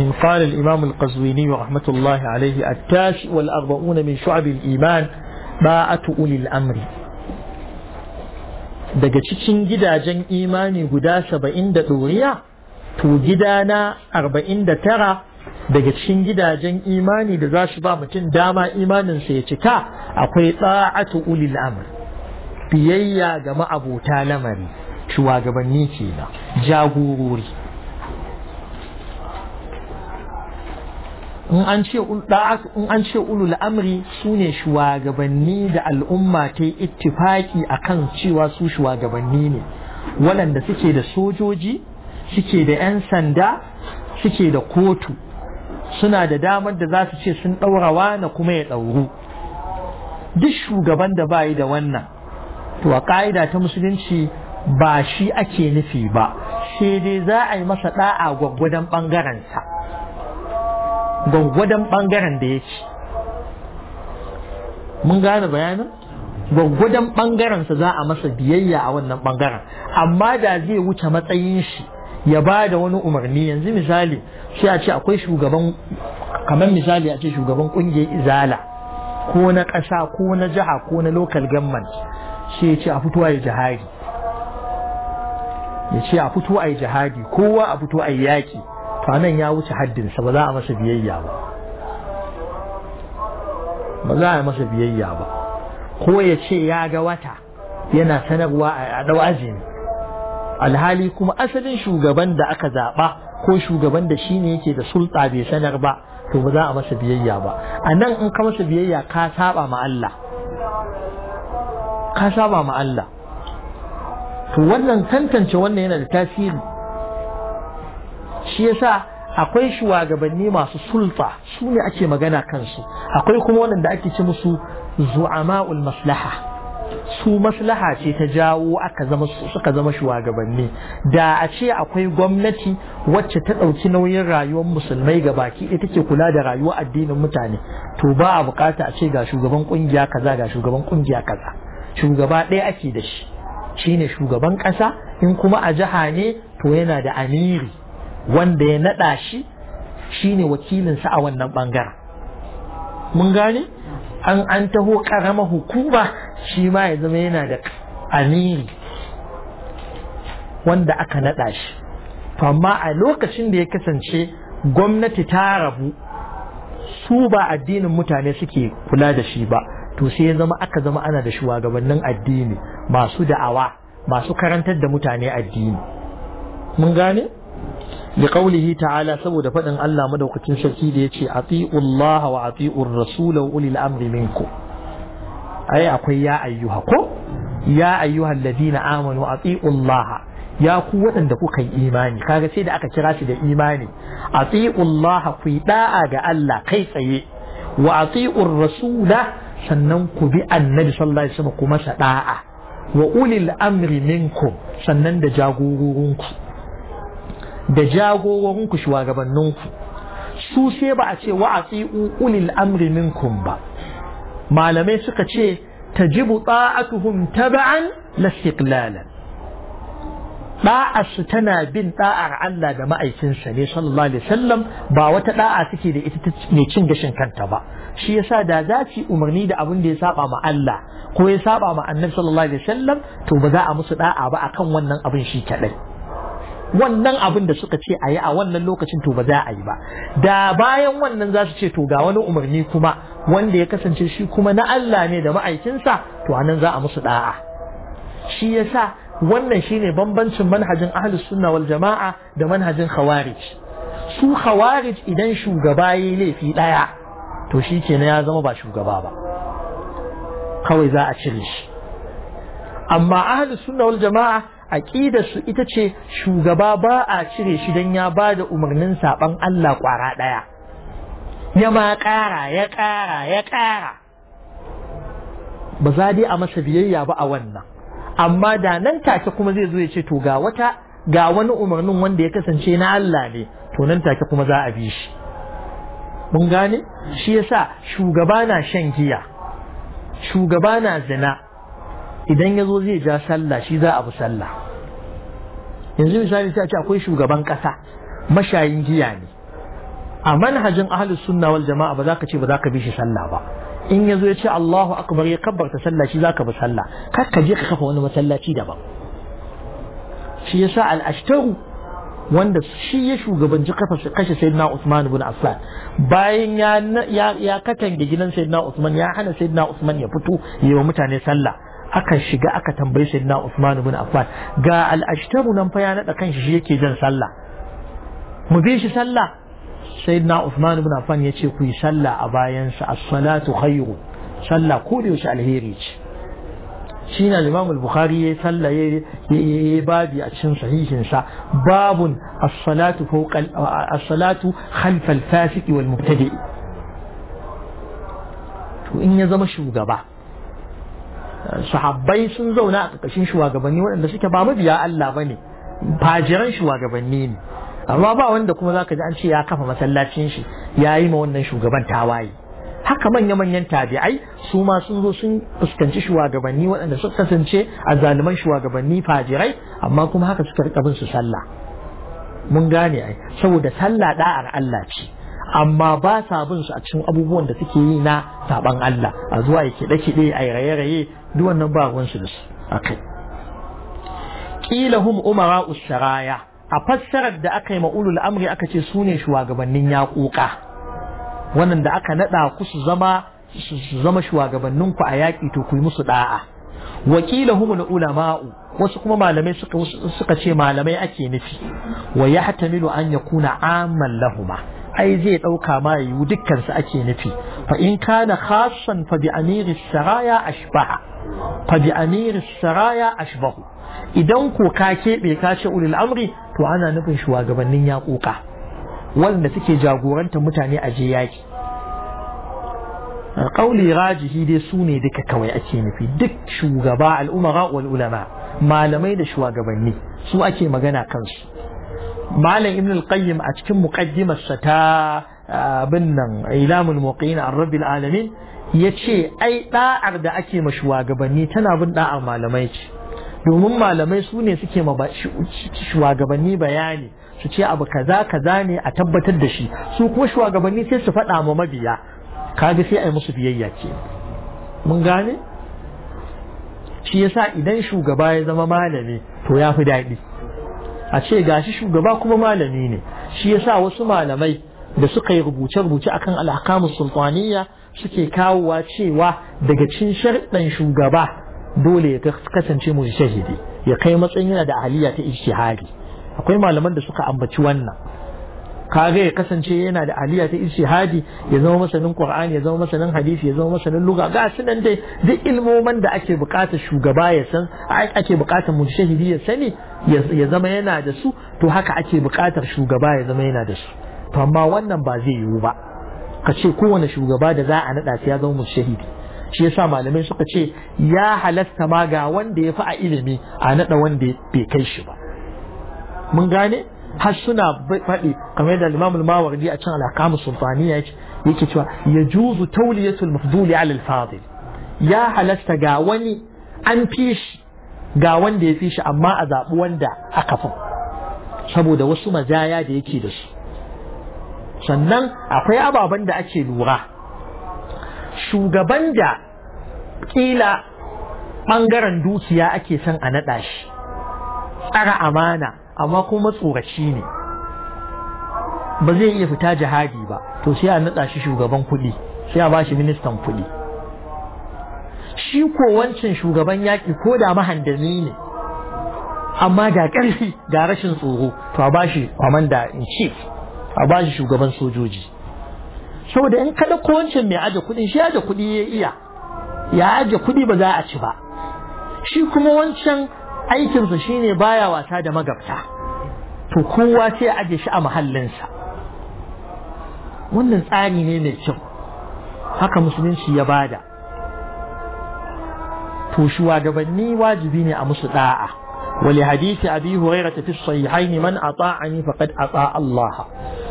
من قال الإمام القزويني رحمة الله عليه التاسع والأربعون من شعب الإيمان باعة أولي الأمر daga cikin gidajen imani guda saba'in da ɗoriya to gidana arba'in da tara daga cikin gidajen imani da za shi ba mutum dama imaninsa ya cika akwai tsa'atu ulil amr biyayya ga ma'abota lamari shugabanni kenan jagorori in an ce in an ce ulul amri sune shugabanni da al'umma ta ittifaki kan cewa su shugabanni ne waɗanda suke da sojoji suke da 'yan sanda suke da kotu suna da damar da za su ce sun ɗaurawa na kuma ya ɗauru duk shugaban da bayi da wannan to a ƙa'ida ta musulunci ba shi ake nufi ba sai dai za a yi masa ɗa'a gwaggwadon ɓangarensa gwaggwadon ɓangaren da ya ci mun gane bayanin gwaggwadon ɓangarensa za a masa biyayya a wannan ɓangaren amma da zai wuce matsayin shi ya ba da wani umarni yanzu misali sai a ce akwai shugaban kamar misali a ce shugaban kungiyar izala ko na ƙasa ko na jiha ko na local government sai ya ce a fito a jihadi ya ce a fito a yi jihadi kowa a fito a yi yaƙi to nan ya wuce haddinsa ba za a masa biyayya ba ba za a masa biyayya ba ko ya ce ya ga wata yana sanarwa a dau azumi alhali kuma asalin shugaban da aka zaɓa ko shugaban da shi ne yake da sulta bai sanar ba to ba za a masa biyayya ba a nan in ka masa biyayya ka saba ma Allah ka saba ma Allah to wannan tantance wannan yana da tasiri shi yasa akwai shugabanni masu sulfa su ne ake magana kansu akwai kuma waɗanda ake ci musu zu'ama'ul maslaha su maslaha ce ta jawo aka zama suka zama shugabanni da a ce akwai gwamnati wacce ta ɗauki nauyin rayuwar musulmai ga baki ita ke kula da rayuwar addinin mutane to ba a bukata a ce ga shugaban kungiya kaza ga shugaban kungiya kaza shugaba ɗaya ake da shi shine shugaban ƙasa in kuma a jiha ne to yana da amiri wanda ya naɗa shi shine wakilinsa a wannan ɓangaren mun gane an an taho ƙarama hukuma shi ma ya zama yana da amiri wanda aka naɗa shi amma a lokacin da ya kasance gwamnati ta rabu su ba addinin mutane suke kula da shi ba to sai ya zama aka zama ana da shugabannin addini masu da'awa masu karantar da mutane addini mun gane لقوله تعالى سبو دفدن الله مدوكتين شركي دي يتي أطيعوا الله وأطيعوا الرسول وأولي الأمر منكم أي أقول يا أيها كو يا أيها الذين آمنوا أطيعوا الله يا قوة عندكم كي إيماني كاغا سيدا أكا كراسي دا إيماني أطيعوا الله في داعا الله كي سيئ وأطيعوا الرسول سننكو بالنبي صلى الله عليه وسلم كما سداعا وأولي الأمر منكم سنن دا جاغورونكم da jagowarin ku shugabannin ku su sai ba a ce wa'ati ulil amri minkum ba malamai suka ce tajibu ta'atuhum tab'an lastiqlalan da'arsu tana bin ɗa'ar Allah da ma'aikinsa ne sallallahu alaihi wasallam ba wata ɗa'a suke da ita ne cin gashin kanta ba shi yasa da za ci umarni da abin da ya saba ma Allah ko ya saba ma Annabi sallallahu alaihi wasallam to ba za a musu ɗa'a ba akan wannan abin shi kaɗai wannan abin da suka ce a yi a wannan lokacin to ba za a yi ba da bayan wannan za su ce to ga wani umarni kuma wanda ya kasance shi kuma na Allah ne da ma'aikinsa to anan za a musu da'a shi yasa wannan shine bambancin manhajin ahlus sunna wal jama'a da manhajin khawarij su khawarij idan shugaba yayi laifi ɗaya to shi kenan ya zama ba shugaba ba kawai za a cire shi amma ahlus sunna wal jama'a aqida su ita ce shugaba ba a cire shi dan ya ba da umarnin saban Allah kwara ɗaya. ya ma kara ya kara ya kara ba za a masa biyayya ba a wannan amma da nan take kuma zai zo ya ce to ga wata ga wani umarnin wanda ya kasance na Allah ne to nan take kuma za a bi shi mun gane shi yasa shugaba na shan giya shugaba na zina idan ya zo zai ja sallah shi za a bi sallah yanzu misali ta ce akwai shugaban kasa mashayin giya ne a manhajin ahlus sunna wal jama'a ba za ka ce ba za ka bi shi sallah ba in yazo ya ce Allahu akbar ya kabbarta sallah shi zaka bi sallah kar ka je ka kafa wani masallaci daban shi yasa al-ashtaru wanda shi ya shugabanci kashe sayyidina Usman ibn Affan bayan ya ya, katanga gidan sayyidina Usman ya hana sayyidina Usman ya fito yi wa mutane sallah aka shiga aka tambayi sayyidina Usman ibn Affan ga al-ashtamu nan fa ya nada kanshi shi yake jan sallah mu bi shi sallah sayyidina Usman ibn Affan yace ku yi sallah a bayan sa as-salatu khayru sallah ko da yaushe alheri ce shine al-Imam al-Bukhari yayi sallah yayi babi a cikin sahihin sa babun as-salatu fawqa as-salatu khalfa al-fasiq wal mubtadi to in ya zama shugaba sahabbai sun zauna a ƙarƙashin shugabanni waɗanda suke ba mabiya Allah ba ne. fajiran shugabanni ne amma ba wanda kuma za ka ji an ce ya kafa masallacin shi ya yi ma wannan shugaban tawaye haka manya-manyan tabi'ai su ma sun zo sun fuskanci shugabanni waɗanda suka kasance a zaluman shugabanni fajirai amma kuma haka suka rika bin su sallah mun gane ai saboda sallah da'ar Allah ce amma ba sa bin su a cikin abubuwan da suke yi na saban Allah a zuwa ya kiɗe kiɗe a raye raye duk wannan ba ruwan su da su akai qilahum umara usharaya a fassarar da aka yi ma'ulul amri aka ce su ne shugabannin yaƙuƙa wannan da aka naɗa ku su zama su zama shugabannin ku a yaƙi to ku yi musu da'a wakila humul ulama'u wasu kuma malamai suka ce malamai ake nufi wa yahtamilu an yakuna amman lahuma ai zai ɗauka ma yiwu dukkansu ake nufi fa in kana khasan fa bi amiri saraya ashbaha fa bi amiri saraya ashbahu idan ko ka keɓe ka ce ulil amri to ana nufin shugabannin yaƙuƙa wanda suke jagoranta mutane a je yaƙi ƙauli rajihi dai su ne duka kawai ake nufi duk shugaba al'umara wal ulama malamai da shugabanni su ake magana kansu malam ibn al-qayyim a cikin muqaddimar sa ta abin nan ilamul muqin ar-rabbil alamin yace ai da'ar da ake ma shugabanni tana bin da'ar malamai ce domin malamai su ne suke ma shugabanni bayani su ce abu kaza kaza ne a tabbatar da shi su kuma shugabanni sai su faɗa ma mabiya kaga sai ai musu biyayya ce mun gane shi yasa idan shugaba ya zama malami to ya fi daɗi a ce shi shugaba kuma malami ne shi yasa wasu malamai da suka yi rubuce-rubuce akan al'akamu sultaniya suke kawowa cewa daga cin sharɗan shugaba dole ya kasance mu shahidi ya kai matsayin yana da aliyya ta ijtihadi akwai malaman da suka ambaci wannan Kare ya kasance yana da aliya ta ishihadi ya zama masanin qur'ani ya zama masanin hadisi ya zama masanin lugha ga su nan dai duk ilmomin da ake bukata shugaba ya san ake bukatar mujtahidi ya sani ya zama yana da su to haka ake bukatar shugaba ya zama yana da su to amma wannan ba zai yiwu ba ka ce kowane shugaba da za a naɗa ya zama mujtahidi shi yasa malamai suka ce ya halasta ma ga wanda ya fi a ilimi a naɗa wanda bai kai shi ba mun gane har suna faɗi kamar yadda limamul al-Mawardi a can alakamu ahkam ya yake cewa ya juzu mafduli 'ala al-fadil ya halasta ga wani an fi shi ga wanda ya fi shi amma a zaɓi wanda aka fi saboda wasu mazaya da yake da su sannan akwai ababen da ake lura shugaban da ƙila ɓangaren dukiya ake son a naɗa shi tsara amana amma kuma tsoraci ne ba zai iya fita jihadi ba to sai a nada shi shugaban kuɗi sai a bashi ministan kuɗi shi ko wancan shugaban yaƙi ko da mahandami ne amma da ƙarfi da rashin tsoro to a bashi shi in chief a bashi shugaban sojoji saboda in kada ko wancan mai aje kuɗin shi aje kuɗi ya iya ya aje kuɗi ba za a ci ba shi kuma wancan aikinsa shine baya wasa da magabta to kowa sai a aje shi a mahallinsa wannan tsari ne mai kyau haka musulunci ya bada to shugabanni wajibi ne a musu da'a wali hadisi abi hurairah fi sahihaini man ata'ani faqad ata Allah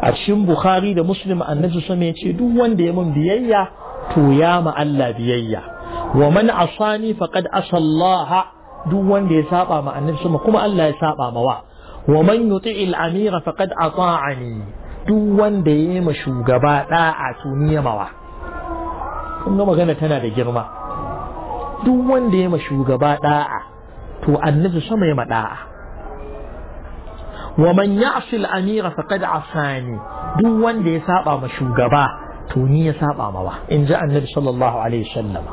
a cikin bukhari da muslim annabi sallallahu ya ce duk wanda ya mun biyayya to ya ma Allah biyayya wa man asani faqad asallaha duk wanda ya saba ma annabi sama kuma Allah ya saba ma wa wa man yuti'il amira faqad ata'ani duk wanda ya yi ma shugaba da'a to ni mawa kun ga magana tana da girma duk wanda ya yi ma shugaba da'a to annabi sama ya ma da'a wa man ya'si al-amira faqad asani duk wanda ya saba ma shugaba to ni ya saba mawa in ji annabi sallallahu alaihi wasallam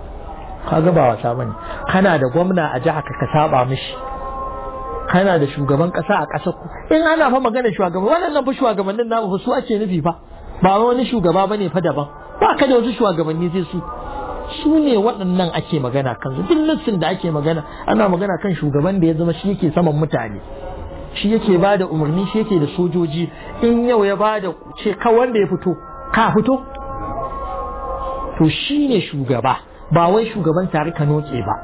kaga ba wasa bane kana da gwamna a jiha ka saba mishi kana da shugaban kasa a kasar ku in ana fa magana shugaban waɗannan fa shugabannin namu fa su ake nufi fa ba wani shugaba bane fa daban ba ka da wasu shugabanni sai su su ne waɗannan ake magana kan su duk nassin da ake magana ana magana kan shugaban da ya zama shi yake saman mutane shi yake ba da umarni shi yake da sojoji in yau ya ba da ce ka wanda ya fito ka fito to shi ne shugaba ba wai shugaban tare ka noke ba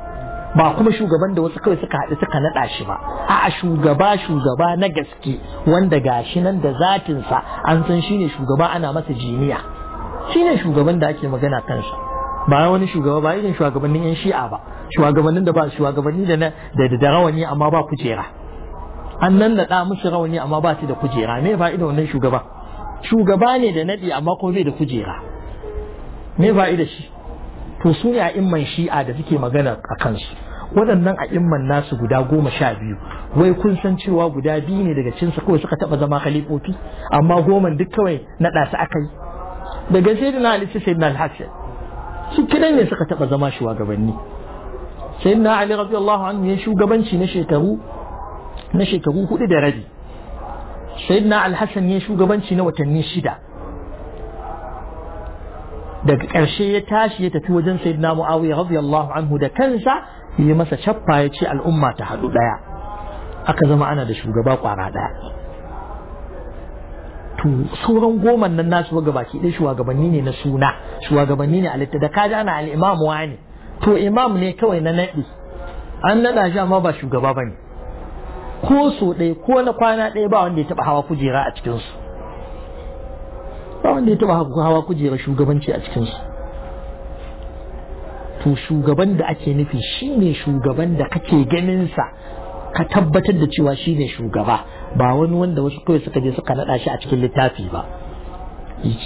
ba kuma shugaban da wasu kawai suka haɗu suka naɗa shi ba a'a shugaba shugaba na gaske wanda gashi nan da zatinsa an san shine shugaba ana masa jiniya shine shugaban da ake magana kansa ba wani shugaba ba irin shugabannin yan shi'a ba shugabannin da ba shugabanni da da da rawani amma ba kujera an nan da musu rawani amma ba su da kujera me ido wannan shugaba shugaba ne da naɗi amma ko bai da kujera me ido shi to su ne a imman shi'a da suke magana a kansu waɗannan a imman nasu guda goma sha biyu wai kun san cewa guda biyu ne daga cinsa kawai suka taɓa zama khalifofi amma goman duk kawai naɗa su aka yi daga sayyidina ali sai sayyidina al-hasan su kidan ne suka taɓa zama shugabanni sayyidina ali radiyallahu anhu ya shugabanci na shekaru na shekaru hudu da rabi sayyidina al-hasan ya shugabanci na watanni shida daga ƙarshe ya tashi ya tafi wajen sayyidina muawiya radiyallahu anhu da kansa yi masa shaffa ya ce al'umma ta haɗu ɗaya aka zama ana da shugaba ƙwara ɗaya to sauran goma nan na shugabaki ɗaya shugabanni ne na suna shugabanni ne a litta da kaji ana al'imam wani to imam ne kawai na naɗi an naɗa shi amma ba shugaba ba ne ko so ɗaya ko na kwana ɗaya ba wanda ya taɓa hawa kujera a cikinsu ba wanda ya taba hawa kujerar shugabanci a cikinsu to shugaban da ake nufi shine shugaban da kake ganin sa ka tabbatar da cewa shine shugaba ba wani wanda wasu kawai suka je suka naɗa shi a cikin littafi ba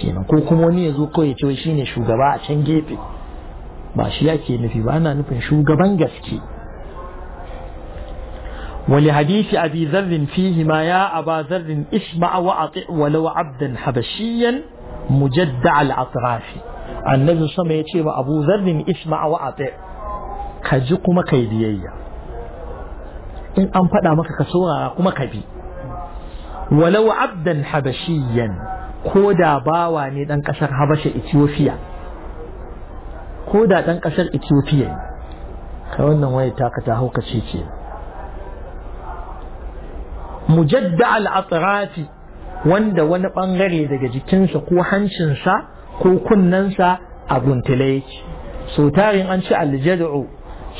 kenan ko kuma wani ya zo kawai cewa shi ne shugaba a can gefe ba shi yake nufi ba ana nufin shugaban gaske ولحديث أبي ذر فيهما يا أبا ذر اسمع وأطع ولو عبدا حبشيا مجدع الأطراف النبي صلى الله عليه وسلم أبو ذر اسمع وأطع كجكم كيديا إن أنفد مك كسورة كما كبي ولو عبدا حبشيا كودا باوا ني دان كسر حبشة إثيوبيا كودا دان كسر إثيوبيا كوانا ويتاك تهوك شيء mujadda al-atrafi wanda wani bangare daga jikinsa ko hancinsa ko kunnensa a guntule yake so tarin an ci aljad'u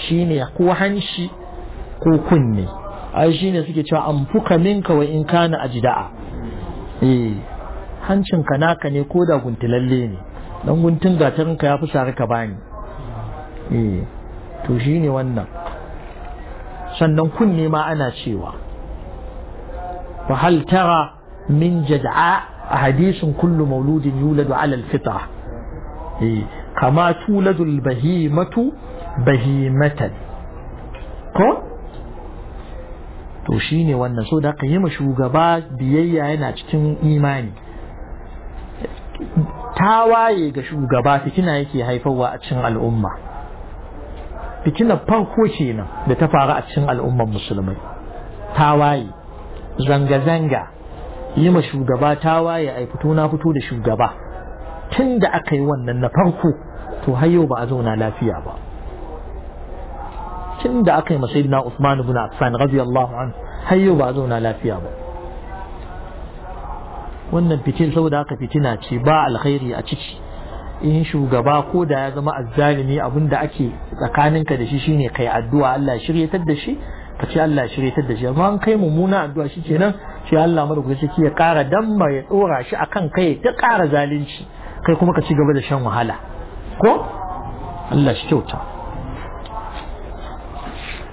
shine ko hanci ko kunne ai shine suke cewa an fuka minka wa in kana ajda'a eh ka naka ne ko da guntulalle ne dan guntun gatarinka ya fi sare ka bani eh to shine wannan sannan kunne ma ana cewa فهل ترى من جدعاء حديث كل مولود يولد على الفطرة إيه. كما تولد البهيمة بهيمة ko to shine wannan so da ka yi ma shugaba biyayya yana cikin imani Ta waye ga shugaba fitina yake haifarwa a cikin al'umma fitinar farko kenan da ta faru a cikin al'ummar musulmai ta waye. zanga-zanga yi ma shugaba ta waye a fito na fito da shugaba tun da aka yi wannan na farko to har ba a zauna lafiya ba tun da aka yi ma sayyidina Usman ibn Affan radiyallahu anhu har yau ba a zauna lafiya ba wannan fitin saboda aka fitina ce ba alkhairi a ciki in shugaba ko da ya zama azzalimi abinda ake tsakaninka da shi shine kai addu'a Allah shiryatar da shi ka ce Allah ya shirye ta da shi amma an kai mummuna addu'a shi kenan shi Allah madaukaki ya ƙara damma ya ɗora shi akan kai ta ƙara zalunci kai kuma ka ci gaba da shan wahala ko Allah shi kyauta